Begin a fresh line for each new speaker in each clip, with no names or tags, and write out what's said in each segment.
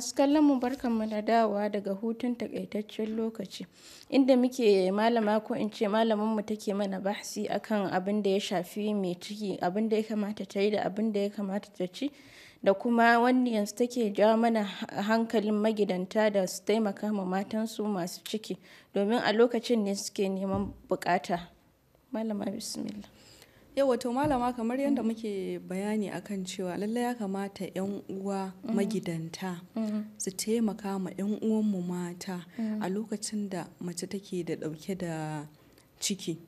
Masu kallon mu mu da dawowa daga hutun takaitaccen lokaci inda muke malama ko in ce malamin mu take mana bahsi akan abin da ya shafi mai ciki abin da ya kamata ta yi da abin da ya kamata ta ci da kuma wani yanzu take jawo mana hankalin magidanta da su taimaka ma matansu masu ciki domin a lokacin ne suke neman bukata. Malama bismillah.
Yau wato malama kamar yadda muke bayani akan cewa lallai ya kamata 'yan uwa mm-hmm. magidanta mm-hmm. su taimaka ma 'yan uwanmu mata mm-hmm. a lokacin da mace take da ɗauke da ciki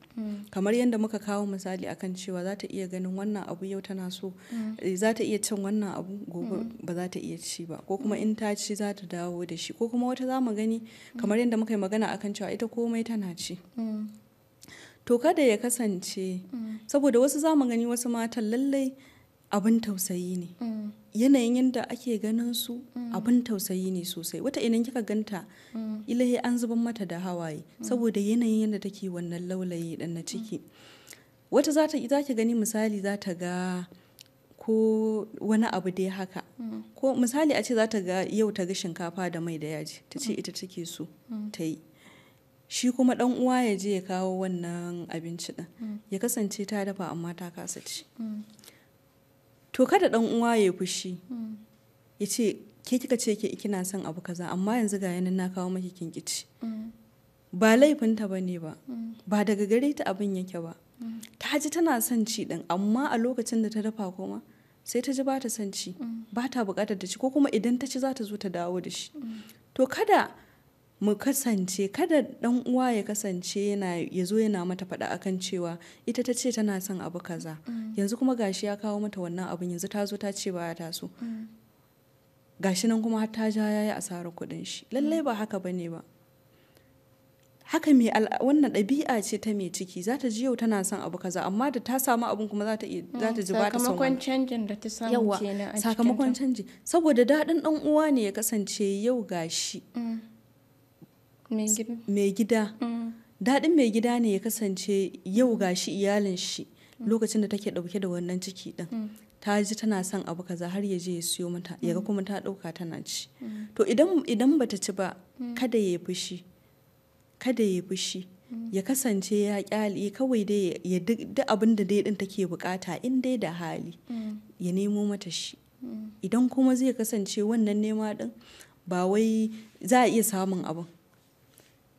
kamar yadda muka kawo misali akan cewa za ta iya ganin wannan abu yau tana so eh, za ta iya cin wannan abu gobe ba za ta iya ci ba ko kuma in ta ci za ta dawo da shi ko kuma wata za mu gani kamar yadda muka yi magana akan cewa ita komai tana ci to kada ya kasance saboda wasu za mu gani wasu matan lallai abin tausayi ne yanayin yadda ake ganin su abin tausayi ne sosai wata idan kika ganta ilahi an zuban mata da hawaye saboda yanayin yadda take wannan laulayi dan na ciki wata za ta ki gani misali za ta ga ko wani abu dai haka ko misali a ce za ta ga yau ta ga shinkafa da mai da yaji ta ce ita take so ta yi shi kuma dan uwa ya je ya kawo wannan abinci din mm. ya kasance ta dafa amma ta kasa ci mm. to kada dan uwa ya fushi mm. ya ce ke kika ce ke kina son abu kaza amma yanzu ga yanin na kawo maki kinkici. ba laifinta ba ne ba ba daga gare ta abin yake ba ta ji tana son ci din amma a lokacin da ta dafa kuma sai ta ji ba ta son ci ba ta bukatar ta ci ko kuma idan ta ci za ta zo ta dawo da shi to kada mu kasance kada ɗan uwa ya kasance yana ya zo yana mata faɗa akan cewa ita ta ce tana son abu kaza mm. yanzu kuma gashi ya kawo mata wannan abun yanzu ta zo ta ce ba ta so mm. gashi nan kuma ta ja yayi asarar kuɗin shi lallai mm. ba haka bane ba haka mai wannan ɗabi'a ce ta mai ciki za ta ji yau tana son abu kaza amma da ta samu abun kuma za ta za ta ji ba ta son sakamakon canjin da ta samu kenan a sakamakon canji saboda daɗin ɗan uwa ne ya kasance yau gashi
mai
gida mm. daɗin mai gida ne ya kasance yau ga shi iyalin shi mm. lokacin da take ɗauke da wannan ciki ɗin mm. ta ji tana son abu kaza har ya je ya siyo mata ya ga kuma ta ɗauka tana ci to idan idan bata ci ba kada ya fushi kada ya fushi ya kasance ya kyale kawai dai ya duk abin da dai din take bukata in dai da hali ya nemo mata shi idan kuma zai kasance wannan nema din ba wai za a iya samun abin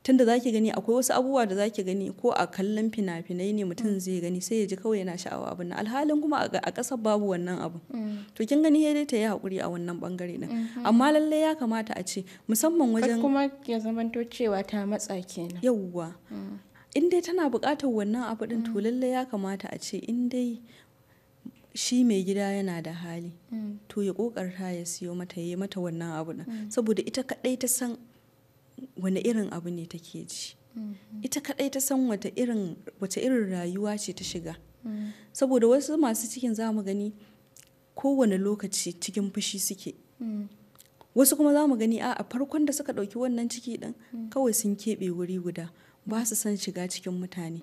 tunda zaki gani akwai wasu abubuwa da zaki gani ko a kallon fina-finai ne mutum mm. zai gani sai ya ji kawai yana sha'awa abin nan alhalin kuma a ƙasar babu wannan abu mm. to kin gani ya dai ta yi hakuri a wannan bangare din mm-hmm. amma lallai ya kamata a ce musamman wajen kuma ya zamanto cewa ta matsa kenan yawwa mm. in dai tana buƙatar wannan abu din to lallai ya kamata a ce in dai shi mai gida yana da hali to ya kokarta ya siyo mata ya yi mata wannan abu din saboda ita kaɗai ta san wani irin abu ne take ji mm-hmm. ita kadai ta san wata irin rayuwa ce ta shiga mm. saboda wasu masu cikin za mu gani kowane lokaci cikin fushi suke mm. wasu kuma za mu gani a farkon da suka dauki wannan ciki din mm. kawai sun keɓe wuri guda ba su son shiga cikin mutane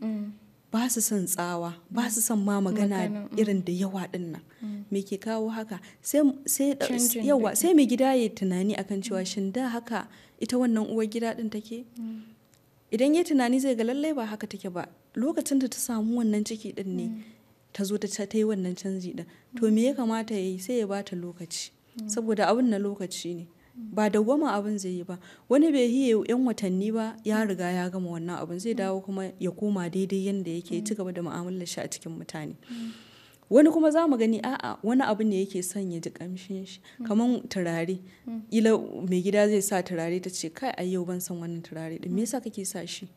ba su son tsawa ba su son ma magana irin da yawa din nan me ke kawo haka sai mai gida ya tunani akan cewa shin da haka ita wannan uwar gida din take mm. idan ya tunani zai ga lallai ba haka take ba lokacin da ta samu wannan ciki din ne mm. ta zo ta yi wannan canji din mm. to me ya kamata ya yi sai ya bata lokaci saboda abin na lokaci ne ba da goma abin zai yi ba wani bai yi yan watanni ba ya riga ya gama wannan abin zai dawo kuma ya koma daidai yadda yake ci gaba da mu'amalar shi a cikin mutane wani kuma za mu gani a'a wani abu ne yake son ji kamshin shi hmm. kamar turare hmm. ila mai gida zai sa turare ta ce kai a yau ban san wannan turare din me hmm. yasa kake sa shi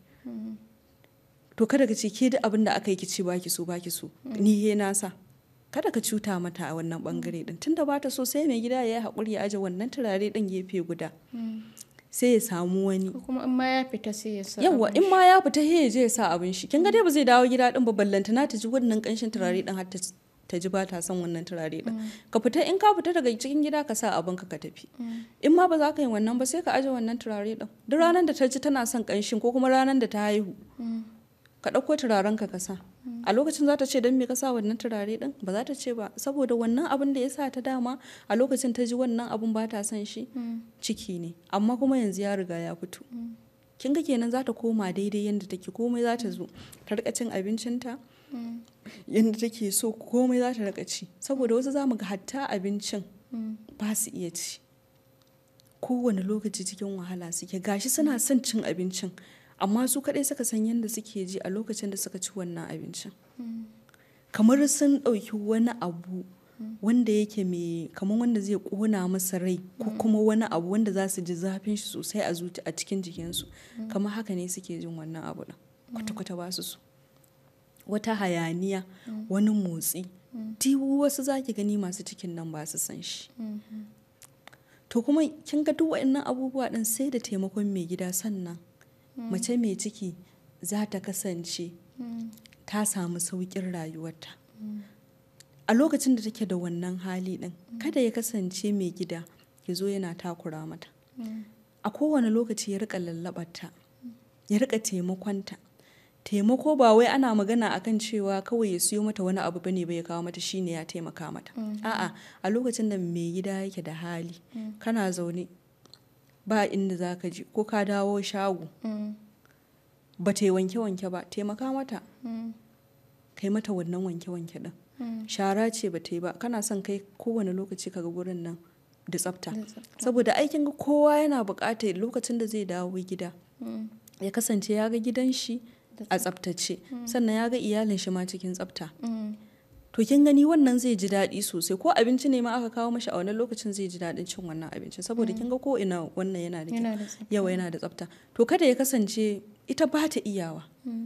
to kada ka ce ke da abin da aka yi kici baki so baki so ni he na sa kada ka cuta mata a wannan bangare din tunda ba ta so sai mai gida ya yi haƙuri ya aje wannan turare din gefe guda sai ya samu wani kuma in ma ya fita
sai ya sa yawa in
ma ya fita he ya je ya sa abin shi kin ga dai ba zai dawo gida din ba ballantana ta ji wannan kanshin turare din har ta ta ji ba ta son wannan turare din mm. ka fita in ka fita daga cikin gida ka sa abin ka ka tafi mm. in ma ba za ka yi wannan ba sai ka aje wannan turare din duk ranar da ta ji tana son kanshin ko kuma ranar da ta haihu mm. ka ɗauko turaren ka kasa a lokacin za ta ce don me ka sa wannan turare din ba za ta ce ba saboda wannan abin da ya sa ta dama a lokacin ta ji wannan abin ba ta son shi ciki ne amma kuma yanzu ya riga ya fito kin ga kenan za ta koma daidai yadda take komai za ta zo ta rika cin abincinta yadda take so komai za ta rika ci saboda wasu zamu ga hatta abincin ba su iya ci kowane lokaci cikin wahala suke gashi suna son cin abincin amma su kaɗai suka san yadda suke ji a lokacin da suka ci wannan abincin kamar sun ɗauki wani abu wanda yake mai kamar wanda zai ƙona masa rai ko kuma wani abu wanda za su ji zafin shi sosai a cikin jikinsu kamar haka ne suke jin wannan abu kwata-kwata ba su so wata hayaniya mm. wani motsi tiwu mm. wasu za ki gani masu cikin nan ba su san shi mm-hmm. to kuma kin ga duk waɗannan abubuwa ɗin sai da taimakon mai gida sannan mm. mace mai ciki za ta kasance ta samu sauƙin rayuwarta a lokacin da take da wannan hali ɗin kada ya kasance mai gida ya zo yana takura mata a kowane lokaci ya rika lallabarta ya rika taimakonta taimako ba wai ana magana akan cewa kawai ya siyo mata wani abu bane ya kawo mata shine ya taimaka mata mm-hmm. a'a a lokacin da mai gida yake da hali mm. kana zaune ba inda zaka je ko ka dawo shago mm. ba ta wanke-wanke ba taimaka mata mm. kai mata wannan wanke-wanke din shara ce ba ta yi ba kana son kai kowane lokaci ga wurin nan da tsafta saboda aikin kowa yana bukatar lokacin da zai dawo gida ya kasance ya ga gidan shi a tsaftace mm. sannan ya ga iyalin shi ma cikin tsafta mm. to kin gani wannan zai ji daɗi sosai ko abinci ne ma aka kawo mashi a wannan lokacin zai ji daɗin cin wannan abincin saboda mm. kin ga ko ina wannan yana da yawa yana da tsafta to kada ya kasance ita ba ta iyawa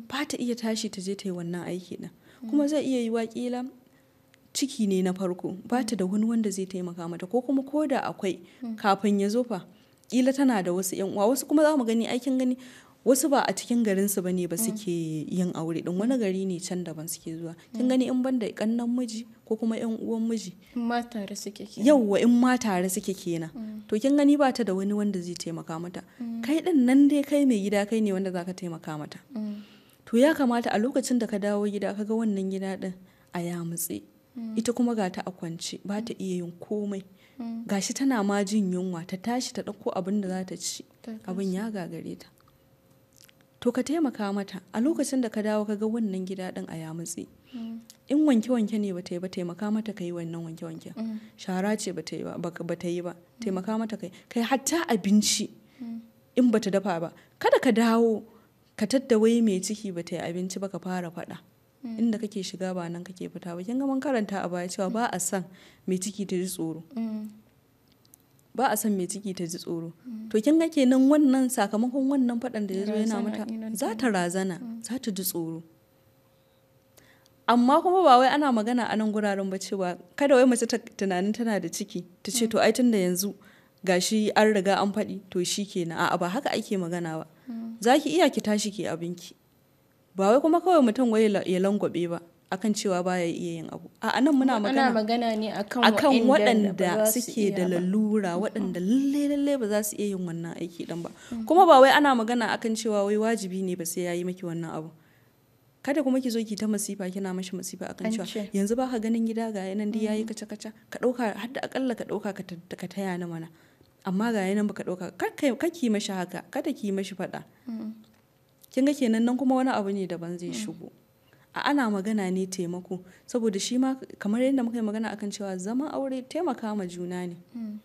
ba ta iya tashi ta je ta yi wannan aiki din kuma zai iya yi wakila ciki ne na farko ba ta da wani wanda zai taimaka mata ko kuma ko da akwai kafin ya zo fa kila tana da wasu yan uwa wasu kuma za mu gani aikin gani wasu ba a cikin garinsu ba ne ba mm. suke yin aure din wani mm. gari ne can daban suke zuwa kin mm. gani in banda kannan miji ko kuma yan uwan miji in ma tare suke kenan yawwa in ma tare suke kenan to kin gani ba ta da wani wanda zai taimaka mata kai ɗin nan dai kai mai gida kai ne wanda zaka taimaka mata to ya kamata a lokacin da ka dawo gida ka ga wannan gida din a ya mutse. ita kuma ga ta a kwance ba ta iya yin komai gashi tana ma jin yunwa ta tashi ta ɗauko abin da za ta ci abin ya gagare ta to ka taimaka mata a lokacin da ka dawo ka ga wannan gida din a yamutse mm. in wanke-wanke ne ba ta yi ba taimaka mata ka yi wannan wanke-wanke mm. shara ce ba ta yi ba mm. taimaka mata ka yi kai hatta abinci in ba ta dafa ba kada ka dawo ka tattawai mai ciki ba ta yi abinci ba ka fara faɗa inda kake shiga ba nan kake fita ba kin ga mun karanta a baya cewa ba a san mai ciki ta ji tsoro ba a son mai ciki ta ji tsoro to kin ga kenan wannan sakamakon wannan faɗan da ya zo yana mata za ta razana mm. za ta ji tsoro amma kuma ba wai ana magana a nan guraren ba cewa kada wai mace ta tunanin tana da ciki ta ce mm. to ai tun da yanzu gashi an riga an faɗi to shi kenan a'a ba haka ake magana ba mm. za ki iya ki tashi ki abinki ba wai kuma kawai mutum wai ya langwabe ba akan cewa baya iya yin abu a nan muna magana magana
ne akan akan waɗanda suke da
lalura waɗanda lalle lalle ba za su iya yin wannan aiki dan ba mm. kuma ba wai ana magana akan cewa wai wajibi ne ba sai yayi maki wannan abu kada kuma ki zo ki ta masifa kina mashi masifa akan cewa yanzu ba ganin gida ga yanan da yayi mm. kaca kaca ka dauka har da akalla ka dauka ka taya na mana amma ga yanan baka dauka kar ki mashi haka kada ki mashi fada mm. kin ga kenan nan kuma wani abu ne daban zai shigo ana magana ne taimako saboda shi ma kamar yadda muka yi magana akan cewa zama aure taimaka ma juna ne hmm.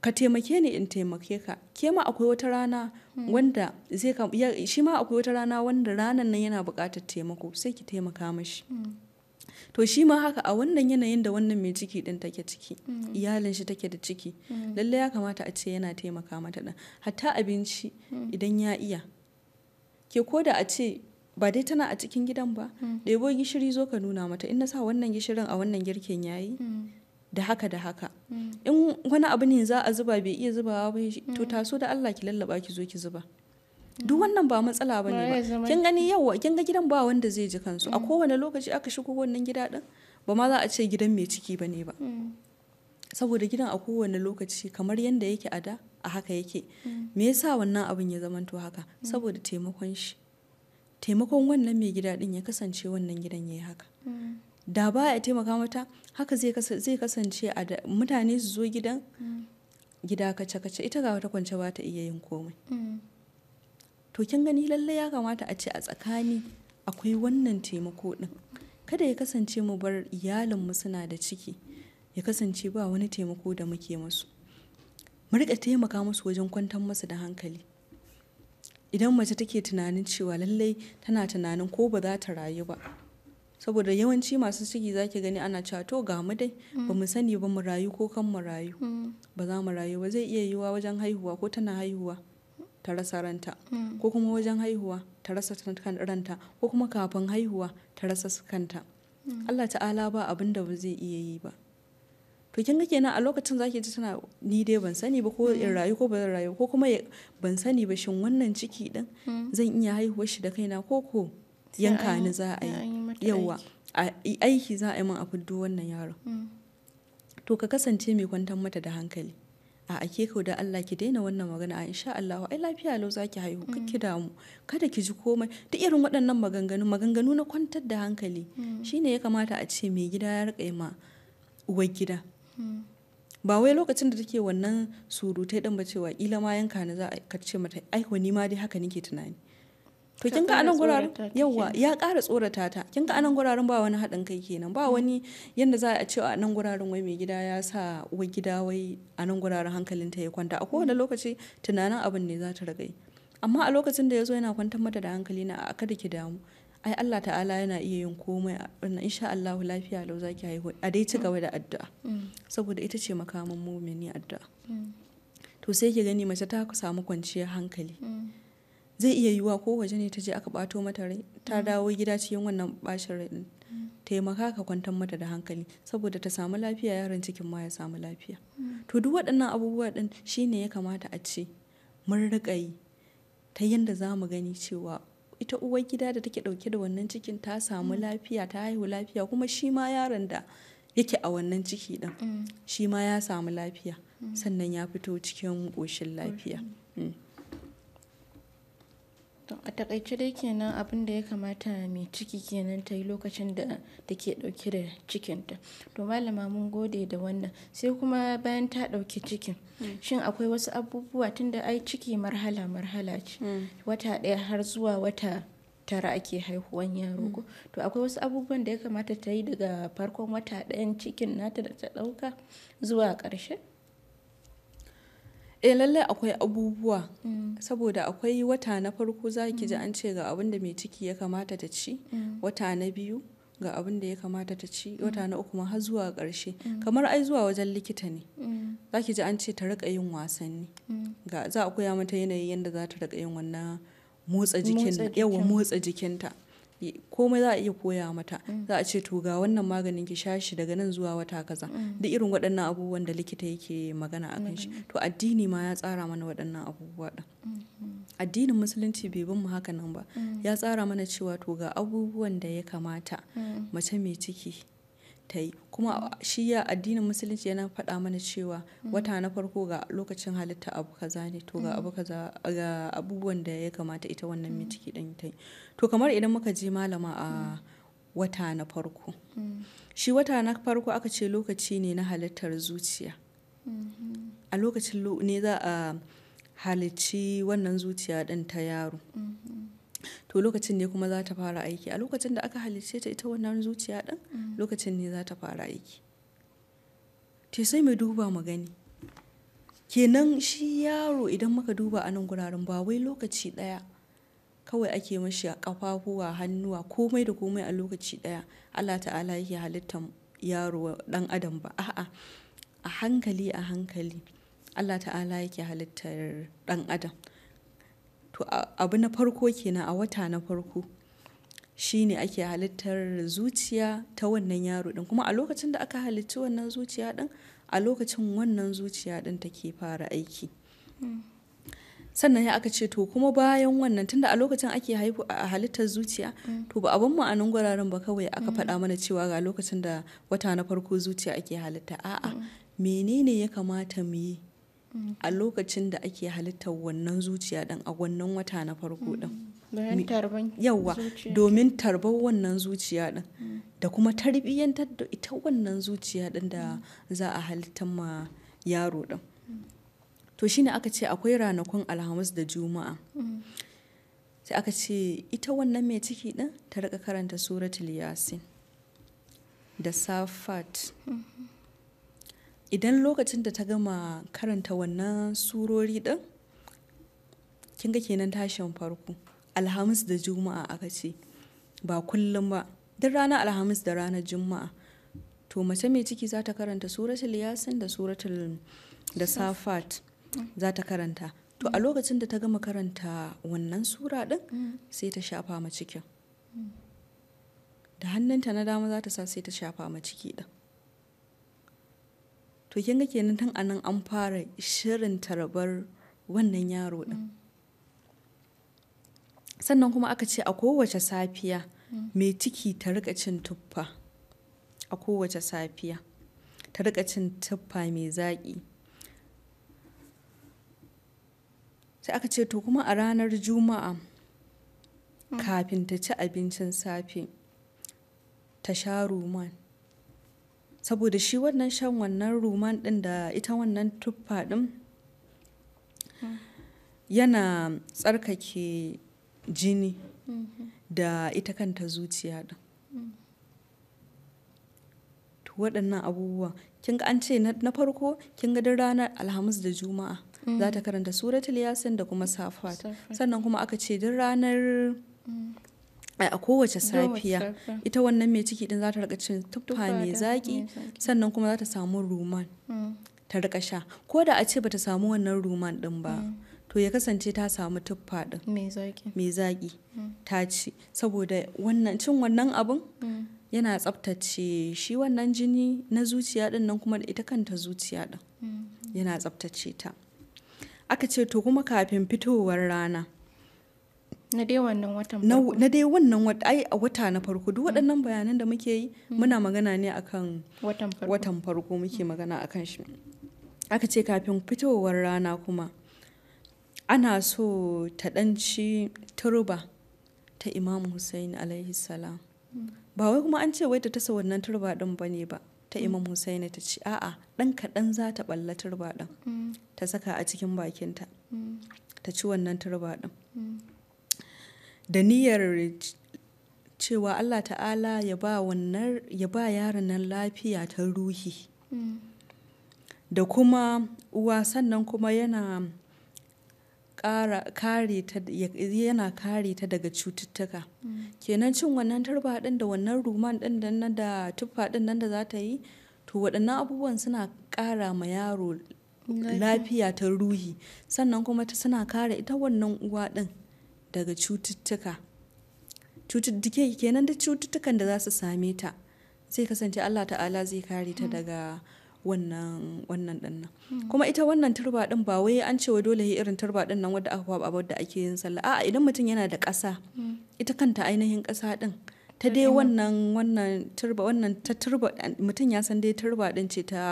ka taimake ni in taimake ka ke ma akwai wata rana hmm. wanda zai shi ma akwai wata rana wanda ranan nan yana buƙatar taimako sai ki taimaka mashi hmm. to shi ma haka a wannan yanayin da wannan mai ciki din take ciki iyalin shi take da ciki lallai ya kamata a ce yana taimaka mata din hatta abinci idan ya iya ke ko da a ce ba dai tana a cikin gidan ba Da hmm. yabo gishiri zo ka nuna mata in na sa wannan gishirin a wannan girkin yayi hmm. da haka da haka hmm. in wani abu ne za a zuba bai iya zubawa ba to taso da Allah ki lallaba ki zo ki zuba duk wannan ba matsala ba ne ba kin gani yawa kin ga gidan ba wanda zai ji kansu a kowane lokaci aka shigo wannan gida din ba ma za a ce gidan mai ciki ba ne ba saboda gidan a kowane lokaci kamar yadda yake a da a haka yake me yasa wannan abin ya zamanto haka saboda taimakon shi taimakon wannan mai gida din ya kasance wannan gidan ya yi haka mm. da ba ya taimaka mata haka zai kasance a mutane su zo gidan mm. gida kace-kace ita ga wata kwance ba ta iya yin komai mm. to kin gani lallai ya kamata a ce a tsakani akwai wannan taimako din kada ya kasance mu bar iyalin mu suna da ciki ya kasance ba wani taimako da muke musu mu riƙa taimaka musu wajen kwantar musu da hankali idan mace take tunanin cewa lallai tana tunanin ko ba za ta rayu ba saboda yawanci masu ciki za ki gani ana cewa to ga mu dai ba mu sani ba mu rayu ko kan mu rayu ba za mu rayu ba zai iya yiwuwa wajen haihuwa ko tana haihuwa ta rasa ranta ko kuma wajen haihuwa ta rasa kan ranta ko kuma kafin haihuwa ta rasa kanta Allah ta'ala ba abin da ba zai iya yi ba to kin ga kenan a lokacin zaki ji tana ni dai ban sani ba ko hmm. in rayu ko ba zan rayu ko kuma ban sani ba shin wannan ciki din hmm. zan iya haihuwar shi da kaina ko ko yanka ni za a yi yawa aiki za a yi min a fiddo wannan yaron hmm. to ka kasance mai kwantar mata da hankali a ake kau da Allah ki daina wannan magana insha Allah ai lafiya lau zaki haihu kake damu kada ki ji komai duk irin waɗannan maganganu maganganu na kwantar da hankali shine ya kamata a ce mai gida ya rika ma uwar gida Ba wai lokacin da take wannan surutai ɗin ba cewa ƙila ma yanka ni za a ce mata ai ni ma dai haka nake tunani. To kin ga anan guraren yawa ya ƙara tsorata ta. Kin ga anan guraren ba wani haɗin kai kenan ba wani yanda za a ce a nan guraren wai mai gida ya sa wai gida wai a nan guraren ta ya kwanta. A kowane lokaci tunanin abin ne za ta ragai. Amma a lokacin da ya zo yana kwantar mata da hankali na a kada ki damu ai Allah ta'ala yana iya yin komai wannan insha Allah lafiya lau ki haihu a dai ci gaba da addu'a mm. saboda ita ce makamin mumini addu'a mm. to sai ki gani mace ta samu kwanciyar hankali mm. zai iya yiwa ko waje ne ta je aka bato mata rai ta dawo gida cikin wannan bashin rai din taimaka ka kwantar mata da hankali saboda ta samu lafiya yaron cikin ma ya samu lafiya to duk waɗannan abubuwa din shine ya kamata a ce mun riƙa yi ta yadda za mu gani cewa ita uwar gida da take dauke da wannan cikin ta samu mm. lafiya ta haihu lafiya kuma shi ma yaron da yake a wannan ciki din mm. shi ma ya samu lafiya mm. sannan ya fito cikin koshin lafiya
A takaice dai kenan abin da ya kamata mai ciki kenan ta yi lokacin da take ɗauke da cikinta. To malama mun gode da wannan. Sai kuma bayan ta ɗauki cikin, mm. shin akwai wasu abubuwa tunda ai ciki marhala marhala ce, mm. wata daya har zuwa wata tara ake haihuwan yaro ko. Mm. To akwai wasu abubuwan da ya kamata ta yi daga farkon wata ɗayan cikin nata da ta ɗauka zuwa ƙarshe?
eh lallai akwai abubuwa mm. saboda akwai wata na farko za ki ji mm. an ce ga abin da mai ciki ya kamata ta ci mm. wata na biyu ga abin da ya kamata ta ci wata na uku ma har zuwa karshe kamar ai zuwa wajen likita ne za ki ji an ce ta rika yin wasanni ga za a koya mata yanayin yadda za ta rika yin wannan motsa motsa jikinta komai za a iya koya mata mm. za a ce to ga wannan maganin ki sha daga nan zuwa wata kaza mm. duk irin waɗannan abubuwan da likita yake magana a kan shi to addini ma ya tsara mana waɗannan abubuwa ɗin mm-hmm. addinin musulunci bai bin mu haka nan ba mm. ya tsara mana cewa to ga abubuwan da ya kamata mace mai ciki ta yi kuma shi ya addinin musulunci yana faɗa mana cewa wata na farko ga lokacin halitta abu kaza ne to ga abu kaza ga abubuwan da ya kamata ita wannan mai ɗin ta yi to kamar idan muka je malama a wata na farko shi wata na farko aka ce lokaci ne na halittar zuciya a lokacin ne za a halicci wannan zuciya ɗin ta yaro to lokacin ne kuma za ta fara aiki a lokacin da aka halice ta ita wannan zuciya ɗin mm. lokacin ne za ta fara aiki te sai mu duba mu gani kenan shi yaro idan muka duba a nan guraren ba wai lokaci ɗaya kawai ake mashi kafafuwa hannuwa komai da komai a lokaci ɗaya allah ta'ala yake halittar yaro ɗan adam ba a'a a hankali a hankali allah ta'ala yake halittar ɗan adam To abu na farko kenan a wata na farko shine ake halittar zuciya ta wannan yaro din. Kuma a lokacin da aka halicci wannan zuciya din, a lokacin wannan zuciya din take fara aiki. Hmm. Sannan ya aka ce to kuma bayan wannan tunda a lokacin ake haihu a halittar zuciya, hmm. to ba a ma'anin mu guraren ba kawai aka hmm. faɗa mana cewa ga lokacin da wata na farko zuciya ake halitta. A'a, menene ya kamata mu yi a lokacin da ake halittar wannan zuciya dan a wannan wata na farko ɗin
mm. yawwa domin
tarbar wannan zuciya ɗin mm. da kuma tarbiyyantar da ita wannan zuciya ɗin da za a halittar ma yaro ɗin mm. to shine aka ce akwai ranakun alhamis da juma'a sai aka ce ita wannan mai ciki ɗin ta rika karanta suratul yasin da safat mm-hmm. Idan lokacin da ta gama karanta wannan surori din kin ga kenan tashin farko. Alhamis da Juma'a aka ce ba kullum ba. Duk ranar Alhamis da ranar Juma'a. To mace mai ciki za ta karanta suratul Yasin da suratul
da Safat
za ta karanta. To a lokacin da ta gama karanta wannan sura din sai ta shafa ma cikin. Da hannunta na dama za ta sa sai ta shafa ma ciki ɗin. to kin ga kenan tun anan an fara shirin tarbar wannan yaro din mm. sannan kuma aka ce a kowace safiya mm. mai ciki ta rika cin tuffa a kowace safiya ta rika cin tuffa mai zaƙi sai aka ce to kuma a ranar juma'a mm. kafin ta ci abincin safe ta sha ruman saboda shi wannan shan wannan ruman din da ita wannan tuffa din, yana tsarkake jini da ita kanta zuciya din waɗannan abubuwa kin ga an ce na farko kin ga duk ranar alhamis da juma'a za ta karanta suratul yasin da kuma safat sannan kuma aka ce duk ranar a kowace safiya ita wannan mai ciki din za ta rika cin tuffa mai zaki sannan kuma za ta samu ruman mm. ta rika sha ko da a ce bata samu wannan ruman din ba mm. to ya kasance ta samu tuffa din mai zaki mm. ta ci saboda wannan cin wannan abun yana tsabtace shi wannan jini na zuciya din nan kuma da ita kanta zuciya
din
yana tsabtace ta aka ce to kuma kafin fitowar rana
na dai wannan watan
wata wata na farko duk mm. waɗannan bayanan da muke yi mm. muna magana ne akan watan farko muke mm. magana akan shi aka ce kafin fitowar rana kuma ana so ta ɗanci turba ta imamu hussein alaihi salam ba wai kuma an ce wai ta tasa wannan turba ɗin ba ne ba ta imam hussein ta ci a'a ɗan kaɗan za ta ɓalla turba ɗin ta saka a cikin bakinta ta ci wannan turba ɗin da niyyar cewa Allah ta'ala ya ba wannan yaron nan lafiya ta ruhi da kuma uwa sannan kuma yana kare ta yana kare ta daga cututtuka kenan cin wannan turba din da wannan ruman din da tuffa din nan da za ta yi to waɗannan abubuwan suna ƙara ma yaro lafiya ta ruhi sannan kuma ta suna kare ita wannan uwa din daga cututtuka cututtuke kenan da cututtukan da za su same ta sai kasance Allah ta'ala zai kare ta daga wannan dinnan hmm. kuma ita wannan turba din ba wai an cewa dole irin turba din nan wadda aka kwaba wadda ake yin sallah a'a idan mutum yana da ƙasa hmm. ita kanta ainihin ƙasa din ta dai wannan wannan turba wannan ta turba mutum ya san dai turba din ce ta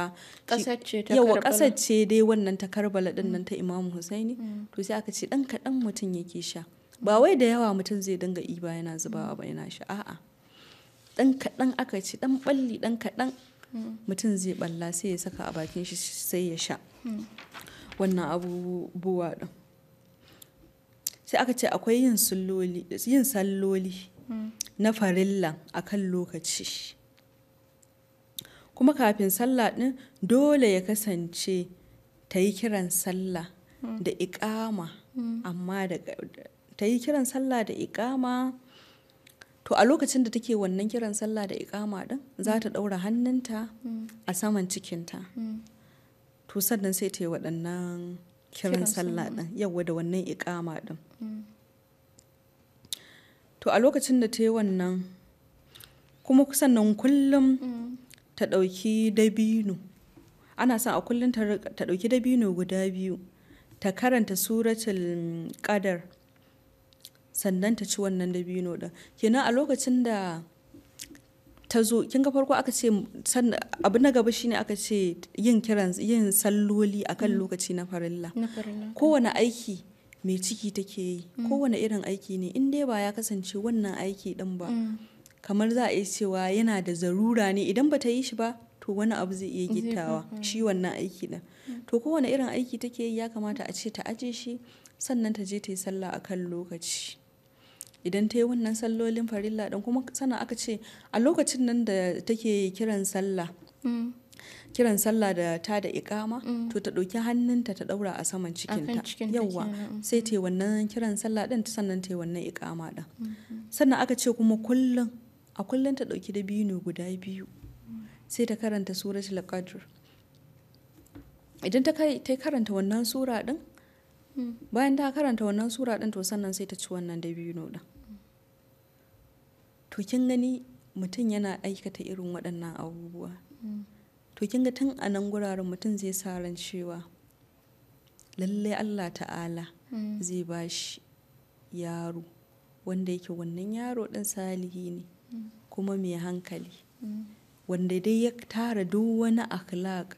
kasar ce ta yawa ƙasar ce dai wannan ta karbala din nan hmm. ta imamu husaini to sai aka ce ɗan kaɗan mutum yake sha ba wai da yawa mutum zai dinga iba yana zubawa ba yana sha a'a dan kaɗan aka ci dan balli dan kaɗan mutum zai balla sai ya saka a bakin shi sai ya sha wannan abubuwa din sai aka ce akwai yin salloli yin salloli na farilla akan lokaci kuma kafin sallah din dole ya kasance ta yi kiran sallah da ikama amma ta yi kiran sallah da ikama. to a lokacin da take wannan kiran sallah da ikama din za ta ɗaura hannunta mm. a saman cikinta mm. to sannan sai ta yi waɗannan kiran sallah din yawa da wannan iƙama din mm. to a lokacin da ta yi wannan kuma sannan kullum ta ɗauki dabino ana son a kullum ta ɗauki dabino guda biyu ta karanta suratul qadar sannan ta ci wannan dabino din kenan a lokacin da ta zo kin farko aka ce abu na gaba shine aka ce yin kiran yin salloli akan mm. lokaci na farilla mm. kowane aiki mai ciki take yi mm. kowane irin aiki ne in dai ba ya kasance wannan aiki din ba kamar za a yi cewa yana da zarura ne idan ba ta yi shi ba to wani abu zai iya gittawa shi wannan aiki din to kowane irin aiki take yi ya kamata a ce ta aje shi sannan ta je ta yi sallah akan lokaci idan ta yi wannan sallolin farilla ɗin kuma sana aka ce a lokacin nan da take kiran sallah mm. kiran sallah da ta da ikama mm. to ta ɗauki hannunta ta ɗaura a saman cikinta yawwa mm. sai ta yi wannan kiran sallah ɗin sannan ta yi wannan ikama ɗin mm-hmm. sannan aka ce kuma kullum a kullum ta ɗauki da biyu guda biyu sai ta karanta al qadr idan ta karanta wannan sura ɗin bayan ta karanta wannan sura ɗin to sannan sai ta ci wannan dabino ɗin to kin gani mutum yana aikata irin waɗannan abubuwa mm. to kin ga tun a nan guraren mutum zai sa ran cewa lallai allah ta'ala mm. zai ba shi yaro wanda yake wannan yaro ɗin salihi ne mm. kuma mai hankali wanda dai ya tara duk wani akhlaq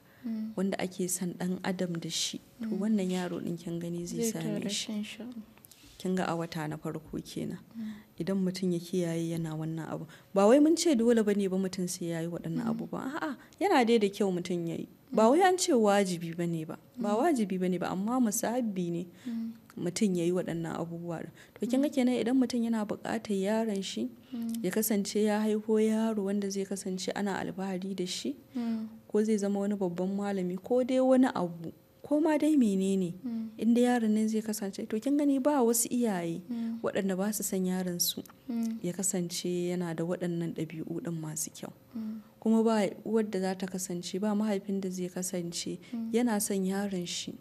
wanda ake son ɗan adam da shi to wannan yaro ɗin kin gani zai same shi kin ga a wata na farko kenan idan mutum ya kiyaye yana wannan abu ba wai mun ce dole ba ne ba mutum sai ya yi waɗannan ba, a'a yana dai da kyau mutum ya yi ba wai an ce wajibi ba ne ba ba wajibi ba ne ba amma musabbi ne mutum ya yi waɗannan abubuwa to kin ga kenan idan mutum yana buƙatar yaron shi ya kasance ya haiho yaro wanda zai kasance ana alfahari da shi ko zai zama wani babban malami ko dai wani abu ko ma dai menene mm. inda yaron nan zai kasance to kin gani ba wasu iyaye mm. waɗanda ba su san yaron su mm. ya kasance yana da waɗannan ɗabi'u ɗin masu kyau kuma ba wadda za ta kasance ba mahaifin da zai kasance yana son yaron shi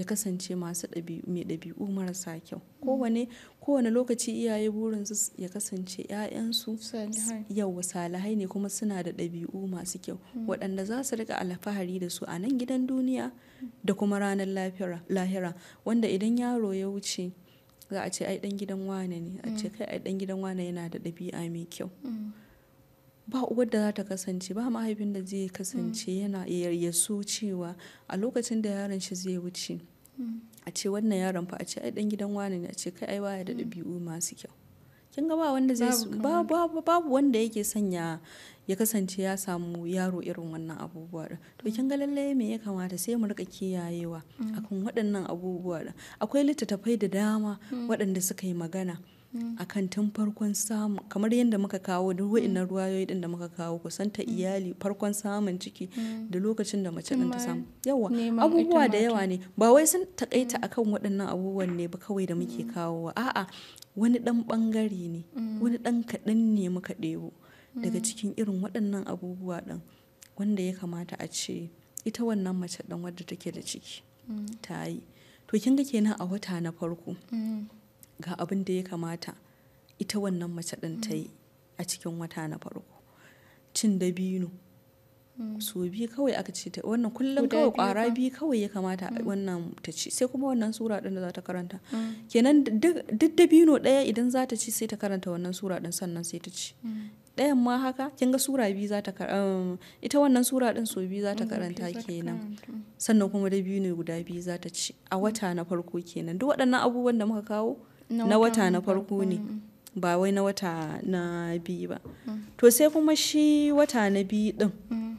ya kasance masu ɗabi'u mai ɗabi'u marasa kyau kowane kowane lokaci iyaye burinsu ya kasance 'ya'yansu yau salihai ne kuma suna da ɗabi'u masu kyau hmm. waɗanda za su rika alfahari da su a nan gidan duniya da kuma ranar lahira wanda idan yaro ya wuce za a ce ai dan gidan wane ne a ce hmm. kai ai dan gidan wane yana da ɗabi'a mai kyau hmm. ba uwar da za ta kasance ba mahaifin da zai kasance mm. yana ya so cewa a lokacin da yaron shi zai wuce mm. a ce wannan yaron fa a ce ai dan gidan wani ne a ce kai ai waya da mm. ɗabi'u masu kyau kin ga ba wanda zai babu wanda yake sanya ya kasance ya samu yaro irin wannan abubuwa da to kin ga lalle me ya kamata sai mu rika kiyayewa akan waɗannan abubuwa da akwai littattafai da dama waɗanda suka yi magana kan tun farkon samu kamar yadda muka kawo duk mm. na ruwayoyi din da muka kawo kusan ta mm. iyali farkon samun ciki mm. da lokacin da mace ta samu
yawa abubuwa da yawa ne
ba wai sun takaita akan waɗannan abubuwan ne ba kawai da muke kawowa a'a wani ɗan bangare ne wani ɗan kaɗan ne muka ɗebo daga cikin irin waɗannan abubuwa ɗin wanda ya kamata a ce ita wannan mace ɗin wadda take da ciki ta yi to kin ga kenan a wata na farko ga abin da ya kamata ita wannan mace ɗin ta yi a cikin wata na farko cin dabino mm. so biyu kawai aka ce ta wannan kullum kawai kwara biyu kawai ya kamata mm. wannan ta ci sai kuma wannan sura din da za ta karanta mm. kenan duk dabino ɗaya idan za ta ci sai ta karanta wannan sura din sannan sai ta ci ɗayan ma haka kin ga sura biyu za ta um, ita wannan sura din so biyu za ta karanta kenan sannan kuma dabino guda biyu za ta ci a wata na farko kenan duk waɗannan abubuwan da muka kawo na wata na farko ne ba wai na wata na biyu ba mm. to sai kuma shi wata na biyu din mm.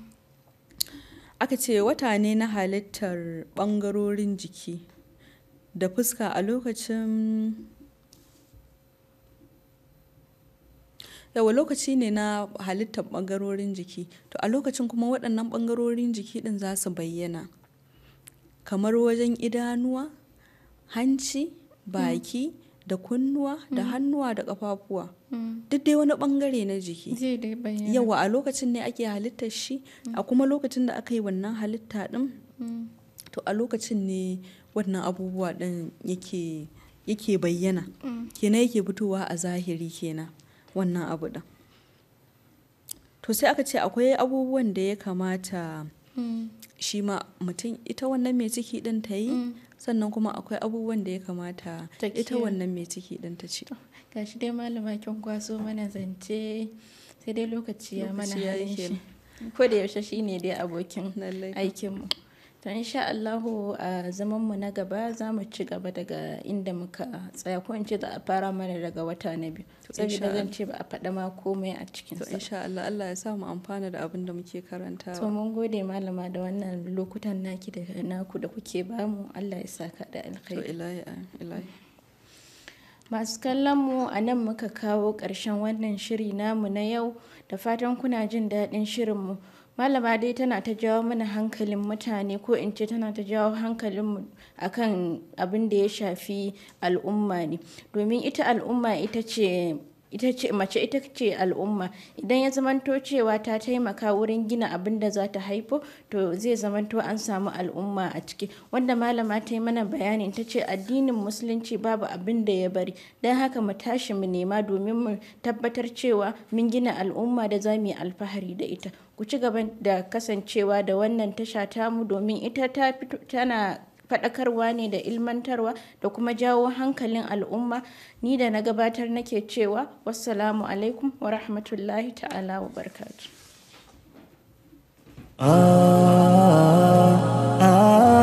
aka ce wata ne na halittar bangarorin jiki da fuska a lokacin yawa lokaci ne na halittar bangarorin jiki to a lokacin kuma waɗannan bangarorin jiki ɗin za su bayyana kamar wajen idanuwa hanci mm. baki mm. da kunnuwa da mm. hannuwa da kafafuwa. Mm. duk dai wani ɓangare na jiki yawa a lokacin ne ake halittar shi mm. a kuma lokacin da aka yi wannan halitta din? to a lokacin ne wannan abubuwa din yake bayyana Kena yake fitowa a zahiri kena wannan abu din? to sai aka ce akwai abubuwan da ya kamata shi ma mutum ita wannan mai ciki din ta yi sannan kuma akwai abubuwan da ya kamata ita wannan mai ciki ɗin ta ce
gashi dai malama kin kwaso mana zance sai dai lokaci ya mana halin shi ko da yaushe shine dai abokin mu To insha Allahu a zaman mu na gaba za mu ci gaba daga inda muka tsaya ko in ce za a fara mana daga wata na biyu.
Saboda zan ce ba a faɗa ma komai a cikin To insha Allah Allah ya sa amfana da abin da muke karanta To mun
gode malama da wannan lokutan naki da naku da kuke bamu Allah ya saka da
alkhairi.
Masu kallon mu a nan muka kawo ƙarshen wannan shiri namu na yau da fatan kuna jin daɗin shirinmu. Malama dai tana ta jawo mana hankalin mutane ko in ce tana ta jawo hankalin a kan abin da ya shafi al'umma ne. Domin ita al'umma ita ce ita ce mace ita ce al'umma idan ya zamanto cewa ta taimaka wurin gina abin da za ta haifo to zai zamanto an samu al'umma a ciki wanda malama ta yi mana bayanin ta ce addinin musulunci babu abin da ya bari don haka mu tashi mu nema domin mu tabbatar cewa mun gina al'umma da za mu yi alfahari da ita ku ci gaba da kasancewa da wannan tasha tamu domin ita ta tana faɗakarwa ne da ilmantarwa da kuma jawo hankalin al'umma ni da na gabatar nake cewa wassalamu alaikum wa rahmatullahi ta'ala wa barkatu. Ah, ah, ah.